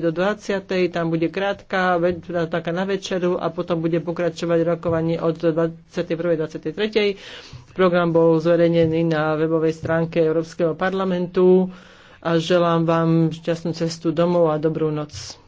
do 20. tam bude krátka, taká na večeru a potom bude pokračovať rokovanie od 21. 23. Program bol zverejnený na webovej stránke Európskeho parlamentu a želám vám šťastnú cestu domov a dobrú noc.